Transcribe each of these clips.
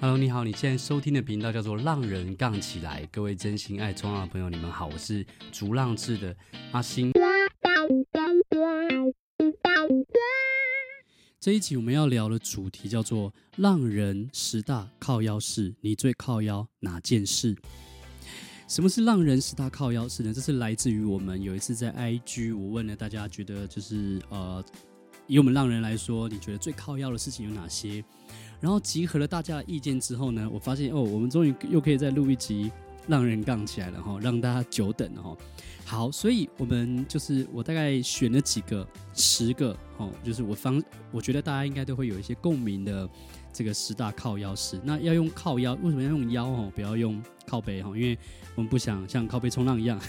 Hello，你好，你現在收聽的頻道叫做《浪人槓起來》。各位真心愛衝浪的朋友，你們好，我是逐浪誌的阿星。這一集我們要聊的主題叫做《浪人十大靠腰事》，你最靠腰哪件事？什麼是浪人十大靠腰事呢？這是來自於我們有一次在 IG，我問了大家，覺得就是呃。以我們浪人來說，你覺得最靠腰的事情有哪些？然後集合了大家的意見之後呢，我發現哦，我們終於又可以再錄一集《浪人槓起來了》哈，讓大家久等了哈。好，所以我們就是我大概選了幾個，十個哈，就是我方我覺得大家應該都會有一些共鳴的這個十大靠腰事。那要用靠腰，為什麼要用腰哈？不要用靠背哈，因為我們不想像靠背衝浪一樣，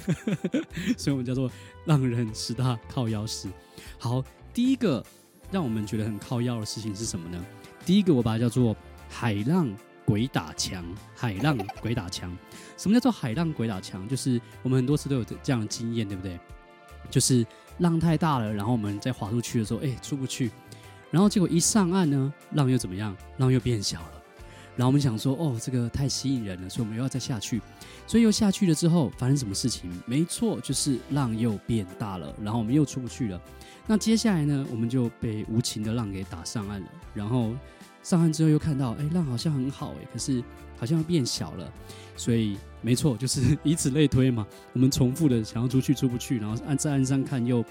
所以我們叫做浪人十大靠腰事。好。第一個讓我們覺得很靠腰的事情是什麼呢？第一個我把它叫做“海浪鬼打牆”。海浪鬼打牆，什麼叫做海浪鬼打牆？就是我們很多次都有這樣的經驗，對不對？就是浪太大了，然後我們在滑出去的時候，哎、欸，出不去，然後結果一上岸呢，浪又怎麼樣？浪又變小了。然後我們想說，哦，這個太吸引人了，所以我們又要再下去。所以又下去了之後，發生什麼事情？沒錯，就是浪又變大了，然後我們又出不去了。那接下來呢？我們就被無情的浪給打上岸了。然後上岸之後又看到，誒、欸，浪好像很好、欸，誒，可是好像又變小了。所以沒錯，就是以此類推嘛。我們重複的想要出去，出不去，然後岸在岸上看又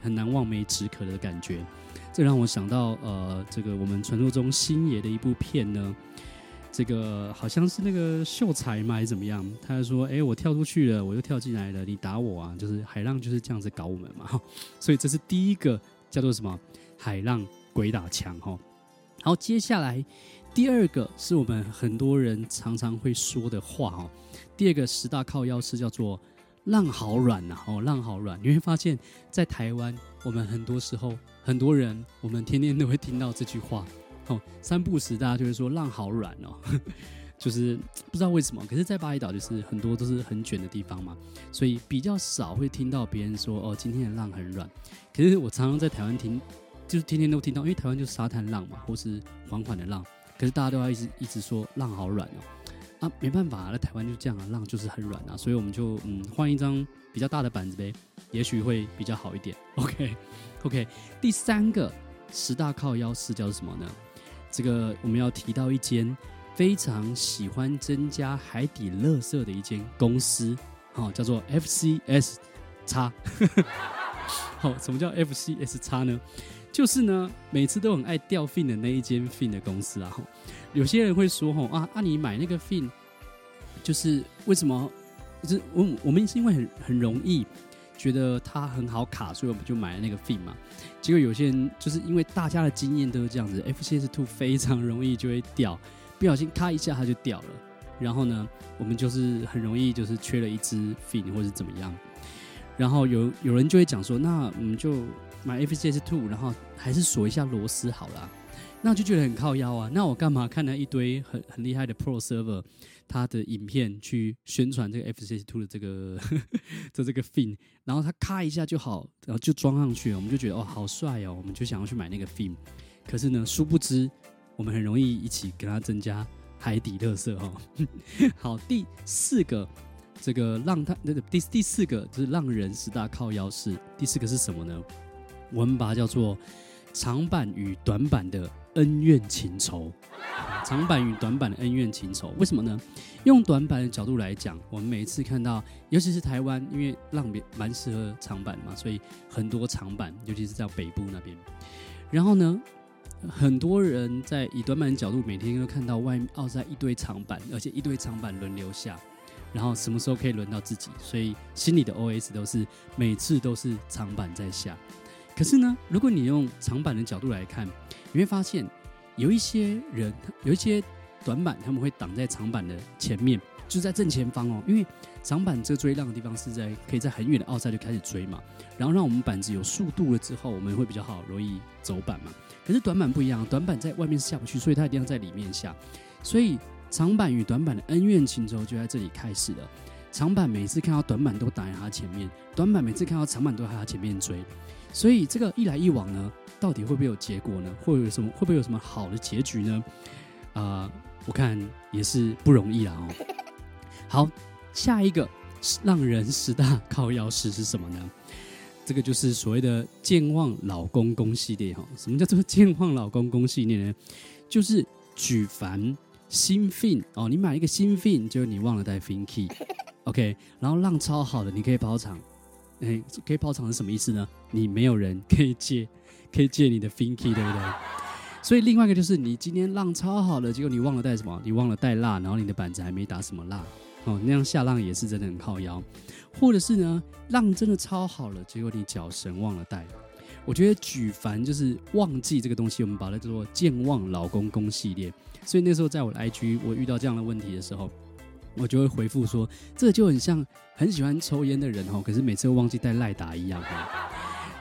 很難望梅止渴的感覺。這讓我想到，呃，這個我們傳說中星爺的一部片呢。這個好像是那個秀才嘛，還是怎麼樣？他就說：“哎、欸，我跳出去了，我又跳進來了，你打我啊！”就是海浪就是這樣子搞我們嘛。所以這是第一個叫做什麼“海浪鬼打牆”哈。然後接下來第二個是我們很多人常常會說的話哦。第二個十大靠腰是叫做浪、啊“浪好軟啊”，哦，浪好軟。你會發現在台灣，我們很多時候很多人，我們天天都會聽到這句話。哦，三不時大家就會說浪好軟哦呵呵，就是不知道為什麼。可是，在巴厘島就是很多都是很捲的地方嘛，所以比較少會聽到別人說，哦，今天的浪很軟。可是我常常在台灣聽，就是天天都聽到，因為台灣就是沙灘浪嘛，或是緩緩的浪。可是大家都要一直一直說浪好軟哦，啊，沒辦法啊，在台灣就這樣啊，浪就是很軟啊，所以我們就嗯換一張比較大的板子唄，也許會比較好一點。OK，OK，okay, okay, 第三個十大靠腰事叫什麼呢？這個我們要提到一間非常喜歡增加海底垃圾的一間公司，哦、叫做 FCS 叉。好、 哦，什麼叫 FCS 叉呢？就是呢，每次都很愛掉 fin 的那一間 fin 的公司啊。有些人會說，吼、哦、啊，你買那個 fin，就是為什麼？就是我們我們是因為很很容易。覺得它很好卡，所以我們就買了那個 fin 嘛。結果有些人就是因為大家的經驗都是這樣子，FCS Two 非常容易就會掉，不小心咔一下它就掉了。然後呢，我們就是很容易就是缺了一隻 fin 或者怎麼樣。然後有有人就會講說，那我們就買 FCS Two，然後還是鎖一下螺絲好了。那就覺得很靠腰啊！那我幹嘛看了一堆很很厲害的 pro surfer，他的影片去宣傳這個 FCS two 的這個這這個 fin，然後他咔一下就好，然後就裝上去，我們就覺得哦好帥哦，我們就想要去買那個 fin。可是呢，殊不知我們很容易一起給他增加海底特色哦呵呵。好，第四個這個浪太，第第四個就是浪人十大靠腰事，第四個是什麼呢？我們把它叫做。長板與短板的恩怨情仇，長板與短板的恩怨情仇，為什麼呢？用短板的角度來講，我們每一次看到，尤其是台灣，因為浪別蠻適合長板嘛，所以很多長板，尤其是在北部那邊。然後呢，很多人在以短板的角度，每天都看到外澳塞一堆長板，而且一堆長板輪流下，然後什麼時候可以輪到自己？所以心裡的 OS 都是每次都是長板在下。可是呢，如果你用長板的角度來看，你會發現有一些人有一些短板，他們會擋在長板的前面，就在正前方哦。因為長板這個追浪的地方是在可以在很遠的奧塞就開始追嘛，然後讓我們板子有速度了之後，我們會比較好容易走板嘛。可是短板不一樣，短板在外面是下不去，所以它一定要在裡面下。所以長板與短板的恩怨情仇就在這裡開始了。長板每次看到短板都擋在他前面，短板每次看到長板都在他前面追。所以這個一來一往呢，到底會不會有結果呢？會有什麼？會不會有什麼好的結局呢？啊、呃，我看也是不容易啦，哦。好，下一個浪人十大靠腰事是什麼呢？這個就是所謂的健忘老公公系列哈，哦。什麼叫做健忘老公公系列呢？就是舉凡新 fin 哦，你買一個新 fin 就你忘了帶 fin key。OK，然後浪超好的，你可以包場。誒、欸，可以跑場是什麼意思呢？你沒有人可以借，可以借你的 Finky，對不對？所以另外一個就是你今天浪超好了，結果你忘了帶什麼？你忘了帶蠟，然後你的板子還沒打什麼蠟，哦，那樣下浪也是真的很靠腰。或者是呢，浪真的超好了，結果你腳繩忘了帶。我覺得舉凡就是忘記這個東西，我們把它叫做健忘老公公系列。所以那時候在我的 IG，我遇到這樣的問題的時候。我就會回復說，這個、就很像很喜歡抽菸的人哦、喔，可是每次都忘記帶賴打一樣。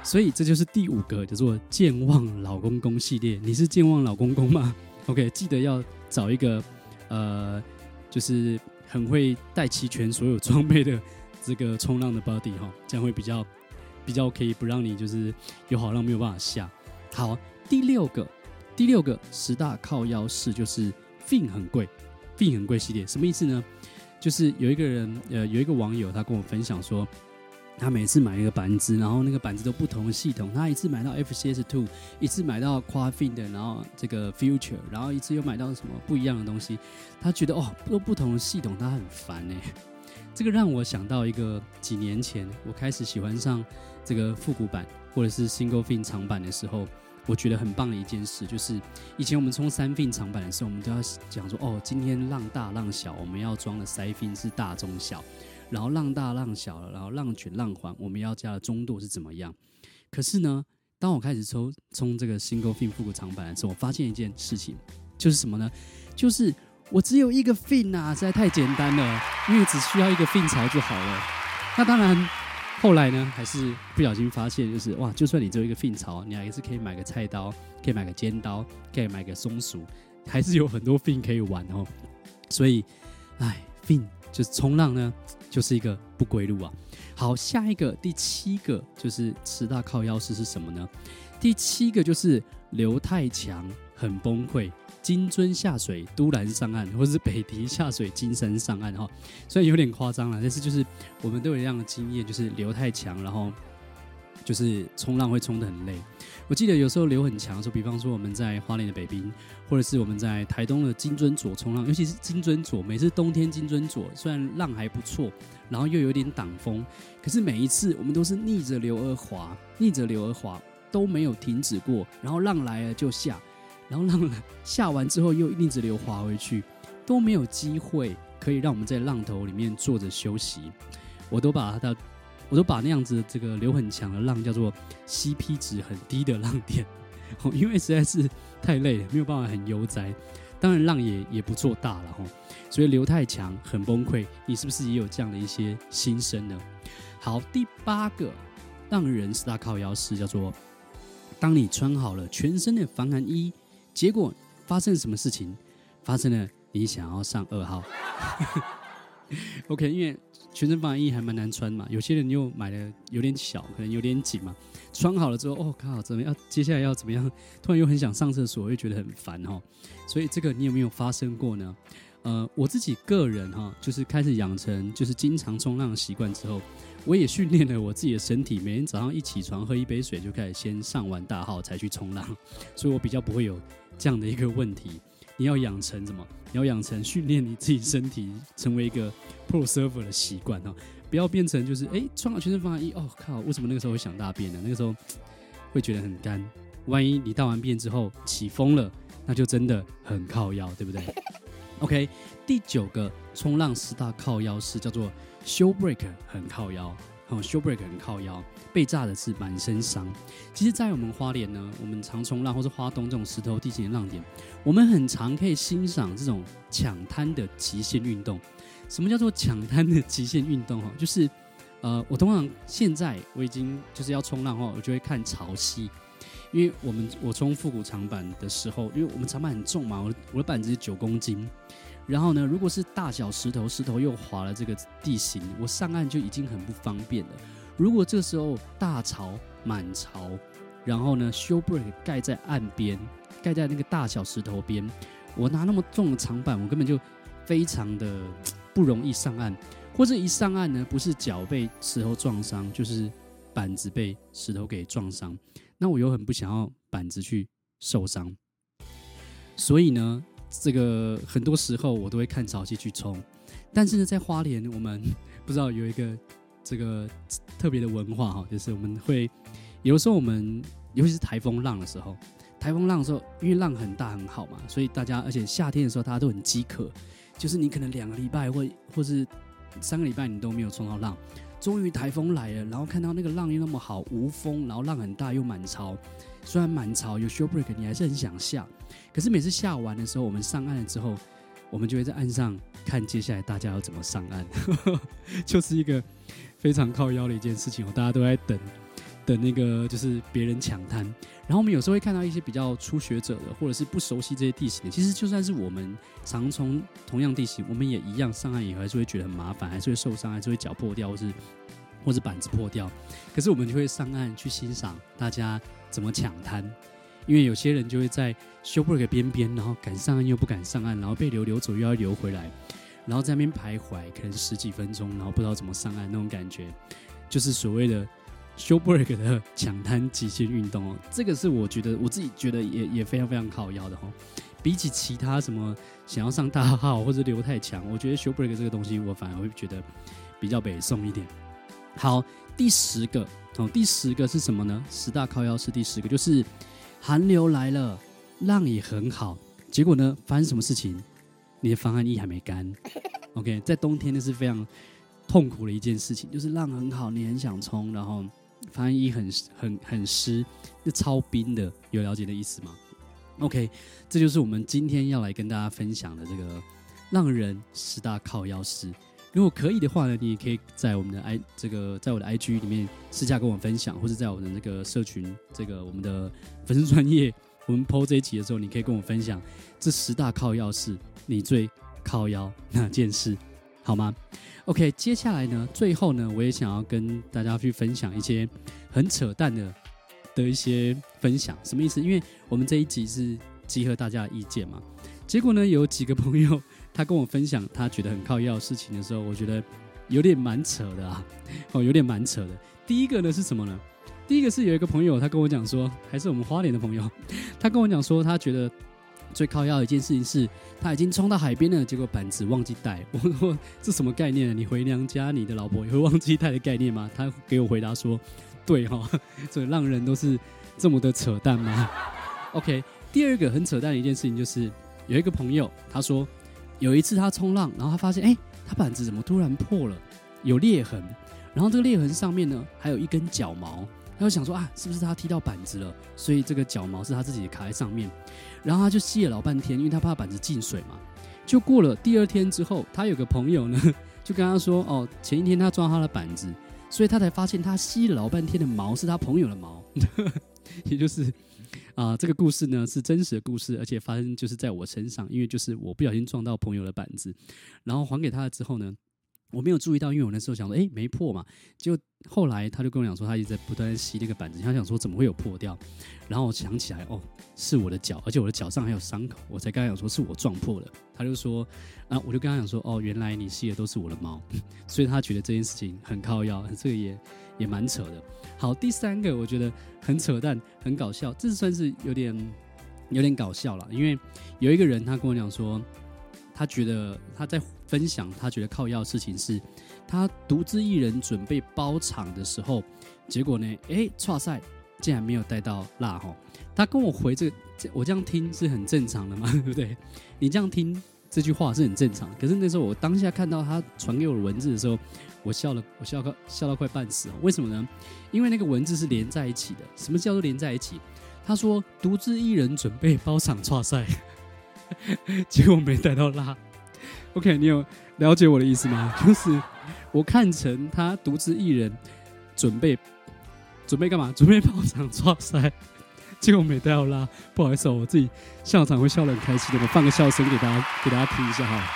所以這就是第五個，叫、就、做、是、健忘老公公系列。你是健忘老公公嗎？OK，記得要找一個，呃，就是很會帶齊全所有裝備的這個衝浪的 body 哈、喔，這樣會比較比較可以不讓你就是有好浪沒有辦法下。好，第六個，第六個十大靠腰事就是 fin 很貴。Fin 很貴系列什麼意思呢？就是有一個人，呃，有一個網友他跟我分享說，他每次買一個板子，然後那個板子都不同的系統，他一次買到 FCS Two，一次買到 Quad Fin 的，然後這個 Future，然後一次又買到什麼不一樣的東西，他覺得哦，都不同的系統，他很煩哎。這個讓我想到一個幾年前我開始喜歡上這個復古板或者是 Single Fin 長板的時候。我覺得很棒的一件事，就是以前我們衝三 fin 長板的時候，我們都要講說，哦，今天浪大浪小，我們要裝的三 fin 是大中小，然後浪大浪小了，然後浪卷浪環，我們要加的中度是怎麼樣？可是呢，當我開始抽衝，衝這個 single fin 復古長板的時候，我發現一件事情，就是什麼呢？就是我只有一個 fin 吶、啊，實在太簡單了，因為只需要一個 fin 槽就好了。那當然。後來呢，還是不小心發現，就是哇，就算你做一個 Fin 潮，你還是可以買個菜刀，可以買個尖刀，可以買個松鼠，還是有很多 Fin 可以玩哦。所以，唉，Fin 就是衝浪呢，就是一個不歸路啊。好，下一個第七個就是十大靠腰事，是什麼呢？第七個就是流太強，很崩潰。金樽下水，都蘭上岸，或者是北堤下水，金山上岸，哈，雖然有點誇張了，但是就是我們都有一樣的經驗，就是流太強，然後就是衝浪會衝得很累。我記得有時候流很強的時候，比方說我們在花蓮的北濱，或者是我們在台東的金樽左衝浪，尤其是金樽左，每次冬天金樽左雖然浪還不錯，然後又有點擋風，可是每一次我們都是逆着流而滑，逆着流而滑都沒有停止過，然後浪來了就下。然後浪呢下完之後又一直流滑回去，都沒有機會可以讓我們在浪頭裡面坐着休息。我都把它，我都把那樣子的這個流很強的浪叫做 CP 值很低的浪點，哦，因為實在是太累了，沒有辦法很悠哉。當然浪也也不做大了，哦，所以流太強很崩潰。你是不是也有這樣的一些心聲呢？好，第八個浪人十大靠腰事叫做：當你穿好了全身的防寒衣。結果發生什麼事情？發生了，你想要上二號 ？OK，因為全身防寒衣還蠻難穿嘛，有些人又買的有點小，可能有點緊嘛。穿好了之後，哦靠怎麼樣、啊？接下來要怎麼樣？突然又很想上廁所，又覺得很煩、哦、所以這個你有沒有發生過呢？呃，我自己個人哈、哦，就是開始養成就是經常衝浪的習慣之後。我也訓練了我自己的身體，每天早上一起床喝一杯水就開始先上完大號才去衝浪，所以我比較不會有這樣的一個問題。你要養成什麼？你要養成訓練你自己身體成為一個 pro server 的習慣哦，不要變成就是哎，衝浪全身防寒衣，哦靠，為什麼那個時候會想大便呢？那個時候會覺得很幹，萬一你大完便之後起風了，那就真的很靠腰，對不對 ？OK，第九個衝浪十大靠腰是叫做。Show break 很靠腰，哈，Show break 很靠腰，被炸的是滿身傷。其實，在我們花蓮呢，我們常衝浪或是花東這種石頭地形的浪點，我們很常可以欣賞這種搶灘的極限運動。什麼叫做搶灘的極限運動？哈，就是呃，我通常現在我已經就是要衝浪哈，我就會看潮汐。因為我們我衝復古長板的時候，因為我們長板很重嘛，我我的板子是九公斤。然後呢，如果是大小石頭，石頭又滑了，這個地形我上岸就已經很不方便了。如果這時候大潮滿潮，然後呢 shore break 蓋在岸邊，蓋在那個大小石頭邊，我拿那麼重的長板，我根本就非常的不容易上岸，或者一上岸呢，不是腳被石頭撞傷，就是板子被石頭給撞傷。那我又很不想要板子去受傷，所以呢。這個很多時候我都會看潮汐去衝，但是呢，在花蓮我們不知道有一個這個特別的文化哈，就是我們會有時候我們尤其是颱風浪的時候，颱風浪的時候因為浪很大很好嘛，所以大家而且夏天的時候大家都很飢渴，就是你可能兩個禮拜或或是，三個禮拜你都沒有衝到浪，終於颱風來了，然後看到那個浪又那麼好，無風，然後浪很大又滿潮。雖然滿潮有 shore break，你還是很想下。可是每次下完的時候，我們上岸了之後，我們就會在岸上看接下來大家要怎麼上岸， 就是一個非常靠腰的一件事情。哦，大家都在等，等那個就是別人搶灘。然後我們有時候會看到一些比較初學者的，或者是不熟悉這些地形的。其實就算是我們常從同樣地形，我們也一樣上岸以後，還是會覺得很麻煩，還是會受傷，還是會腳破掉，或是或是板子破掉。可是我們就會上岸去欣賞大家。怎麼搶灘？因為有些人就會在 shore break 邊邊，然後敢上岸又不敢上岸，然後被流流走又要流回來，然後在那邊徘徊，可能十幾分鐘，然後不知道怎麼上岸那種感覺，就是所謂的 shore break 的搶灘極限運動哦。這個是我覺得我自己覺得也也非常非常靠腰的哦。比起其他什麼想要上大號或者流太強，我覺得 shore break 這個東西，我反而會覺得比較北宋一點。好。第十個哦，第十個是什麼呢？十大靠腰事第十個就是，寒流來了，浪也很好，結果呢，發生什麼事情？你的防寒衣還沒乾 ，OK，在冬天那是非常痛苦的一件事情，就是浪很好，你很想衝，然後防寒衣很很很濕，那超冰的，有了解的意思嗎？OK，這就是我們今天要來跟大家分享的這個浪人十大靠腰事。如果可以的話呢，你也可以在我們的 i 這個，在我的 IG 裡面私下跟我分享，或者在我的那個社群，這個我們的粉絲專頁，我們 po 這一集的時候，你可以跟我分享這十大靠腰事，你最靠腰哪件事，好嗎？OK，接下來呢，最後呢，我也想要跟大家去分享一些很扯淡的的一些分享，什麼意思？因為我們這一集是集合大家的意見嘛，結果呢，有幾個朋友。他跟我分享他覺得很靠腰的事情的時候，我覺得有點蠻扯的啊，哦，有點蠻扯的。第一個呢是什麼呢？第一個是有一個朋友，他跟我講說，還是我們花蓮的朋友，他跟我講說，他覺得最靠腰的一件事情是，他已經衝到海邊了，結果板子忘記帶。我說這什麼概念，啊？你回娘家，你的老婆也會忘記帶的概念嗎？他給我回答說，對哈，哦，所以浪人都是這麼的扯淡嗎？OK，第二個很扯淡的一件事情就是，有一個朋友他說，有一次他衝浪，然後他發現，哎，他板子怎麼突然破了，有裂痕，然後這個裂痕上面呢還有一根腳毛，他就想說啊，是不是他踢到板子了，所以這個腳毛是他自己卡在上面，然後他就吸了老半天，因為他怕板子進水嘛。就過了第二天之後，他有個朋友呢就跟他說，哦，前一天他撞他的板子，所以他才發現他吸了老半天的毛是他朋友的毛，呵呵也就是。啊、呃，這個故事呢是真實的故事，而且發生就是在我身上，因為就是我不小心撞到朋友的板子，然後還給他了之後呢。我沒有注意到，因為我那時候想說，誒、欸，沒破嘛。結果後來他就跟我講說，他一直在不斷吸那個板子，他想說怎麼會有破掉。然後我想起來，哦，是我的腳，而且我的腳上還有傷口。我才剛剛講說是我撞破的。他就說，啊，我就跟他講說，哦，原來你吸的都是我的毛， 所以他覺得這件事情很靠腰，這個也也蠻扯的。好，第三個我覺得很扯淡，很搞笑，這是算是有點有點搞笑了，因為有一個人他跟我講說。他覺得他在分享，他覺得靠腰的事情是，他獨自一人準備包場的時候，結果呢，誒、欸，剉賽竟然沒有帶到蠟齁。他跟我回這個，我這樣聽是很正常的嘛，對不對？你這樣聽這句話是很正常。可是那時候我當下看到他傳給我的文字的時候，我笑了，我笑到笑到快半死啊！為什麼呢？因為那個文字是連在一起的。什麼叫做連在一起？他說獨自一人準備包場剉賽。結果沒帶到拉，OK，你有了解我的意思嗎？就是我看成他獨自一人準備準備幹嘛？準備包場賽。結果沒帶到拉，不好意思哦，我自己笑場會笑得很開心的，我放個笑聲給大家給大家聽一下哈。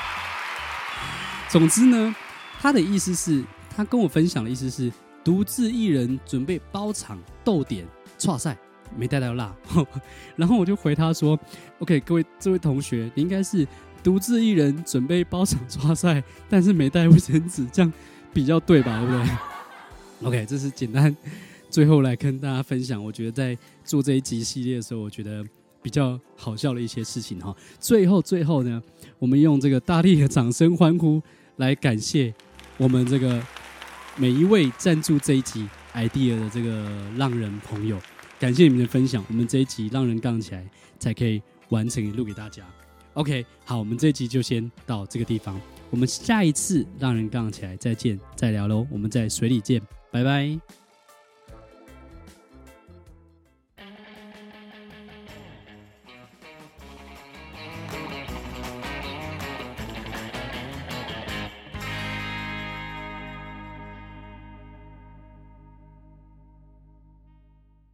總之呢，他的意思是，他跟我分享的意思是，獨自一人準備包場鬥點抓賽。沒帶到辣，然後我就回他說：“OK，各位，這位同學，你應該是獨自一人準備包場抓賽，但是沒帶衛生紙，這樣比較對吧？對不對？OK，這是簡單，最後來跟大家分享。我覺得在做這一集系列的時候，我覺得比較好笑的一些事情哈。最後，最後呢，我們用這個大力的掌聲歡呼來感謝我們這個每一位贊助這一集 idea 的這個浪人朋友。”感謝你們的分享，我們這一集浪人槓起來，才可以完成錄給大家。OK，好，我們這一集就先到這個地方，我們下一次浪人槓起來再見再聊嘍，我們在水裡見，拜拜。